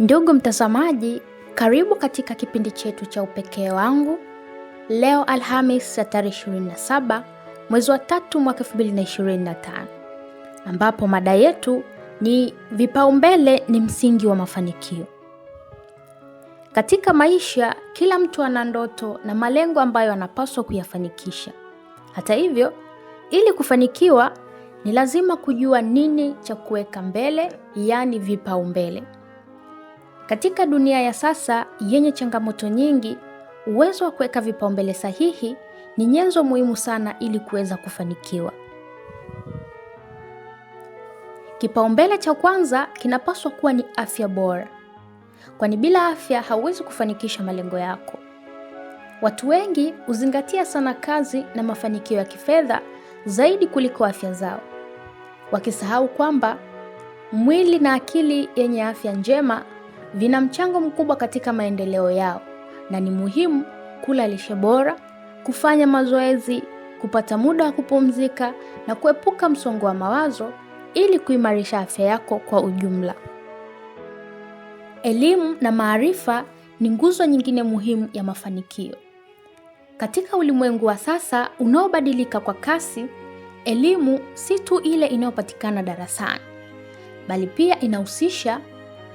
Ndugu mtazamaji, karibu katika kipindi chetu cha Upekee wangu. Leo Alhamis ya tarehe 27 mwezi wa tatu mwaka 2025, ambapo mada yetu ni vipaumbele ni msingi wa mafanikio. Katika maisha, kila mtu ana ndoto na malengo ambayo anapaswa kuyafanikisha. Hata hivyo, ili kufanikiwa ni lazima kujua nini cha kuweka mbele, yaani vipaumbele. Katika dunia ya sasa yenye changamoto nyingi, uwezo wa kuweka vipaumbele sahihi ni nyenzo muhimu sana ili kuweza kufanikiwa. Kipaumbele cha kwanza kinapaswa kuwa ni afya bora, kwani bila afya hauwezi kufanikisha malengo yako. Watu wengi huzingatia sana kazi na mafanikio ya kifedha zaidi kuliko afya zao, wakisahau kwamba mwili na akili yenye afya njema vina mchango mkubwa katika maendeleo yao, na ni muhimu kula lishe bora, kufanya mazoezi, kupata muda wa kupumzika na kuepuka msongo wa mawazo ili kuimarisha afya yako kwa ujumla. Elimu na maarifa ni nguzo nyingine muhimu ya mafanikio. Katika ulimwengu wa sasa unaobadilika kwa kasi, elimu si tu ile inayopatikana darasani, bali pia inahusisha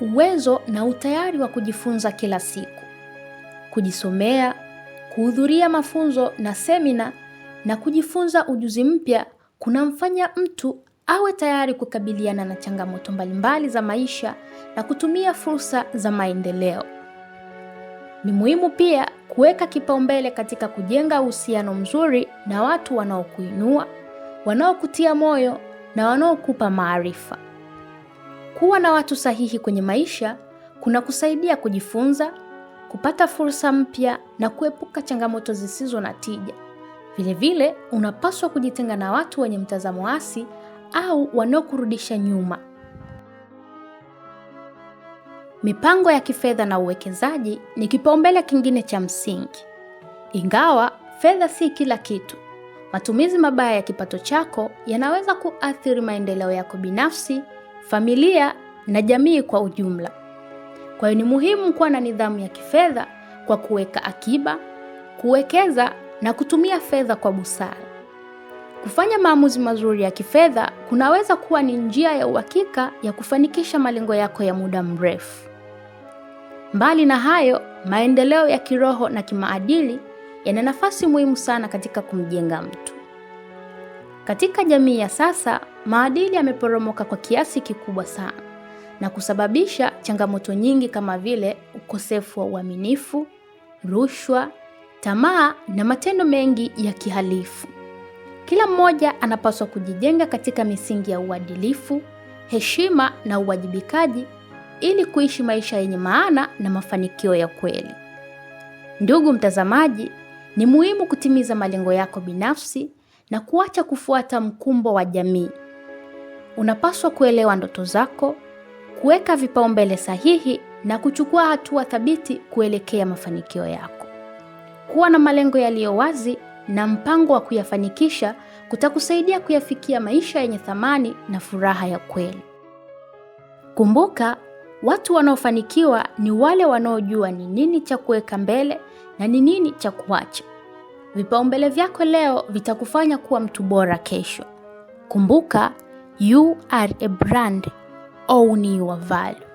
uwezo na utayari wa kujifunza kila siku, kujisomea, kuhudhuria mafunzo na semina na kujifunza ujuzi mpya kunamfanya mtu awe tayari kukabiliana na changamoto mbalimbali za maisha na kutumia fursa za maendeleo. Ni muhimu pia kuweka kipaumbele katika kujenga uhusiano mzuri na watu wanaokuinua, wanaokutia moyo na wanaokupa maarifa. Kuwa na watu sahihi kwenye maisha kuna kusaidia kujifunza, kupata fursa mpya na kuepuka changamoto zisizo na tija. Vilevile, unapaswa kujitenga na watu wenye mtazamo wasi au wanaokurudisha nyuma. Mipango ya kifedha na uwekezaji ni kipaumbele kingine cha msingi. Ingawa fedha si kila kitu, matumizi mabaya ya kipato chako yanaweza kuathiri maendeleo yako binafsi familia na jamii kwa ujumla. Kwa hiyo ni muhimu kuwa na nidhamu ya kifedha kwa kuweka akiba, kuwekeza na kutumia fedha kwa busara. Kufanya maamuzi mazuri ya kifedha kunaweza kuwa ni njia ya uhakika ya kufanikisha malengo yako ya muda mrefu. Mbali na hayo, maendeleo ya kiroho na kimaadili yana nafasi muhimu sana katika kumjenga mtu. Katika jamii ya sasa, maadili yameporomoka kwa kiasi kikubwa sana na kusababisha changamoto nyingi kama vile ukosefu wa uaminifu, rushwa, tamaa na matendo mengi ya kihalifu. Kila mmoja anapaswa kujijenga katika misingi ya uadilifu, heshima na uwajibikaji ili kuishi maisha yenye maana na mafanikio ya kweli. Ndugu mtazamaji, ni muhimu kutimiza malengo yako binafsi na kuacha kufuata mkumbo wa jamii. Unapaswa kuelewa ndoto zako, kuweka vipaumbele sahihi na kuchukua hatua thabiti kuelekea mafanikio yako. Kuwa na malengo yaliyo wazi na mpango wa kuyafanikisha kutakusaidia kuyafikia maisha yenye thamani na furaha ya kweli. Kumbuka, watu wanaofanikiwa ni wale wanaojua ni nini cha kuweka mbele na ni nini cha kuacha. Vipaumbele vyako leo vitakufanya kuwa mtu bora kesho. Kumbuka, you are a brand, own your value.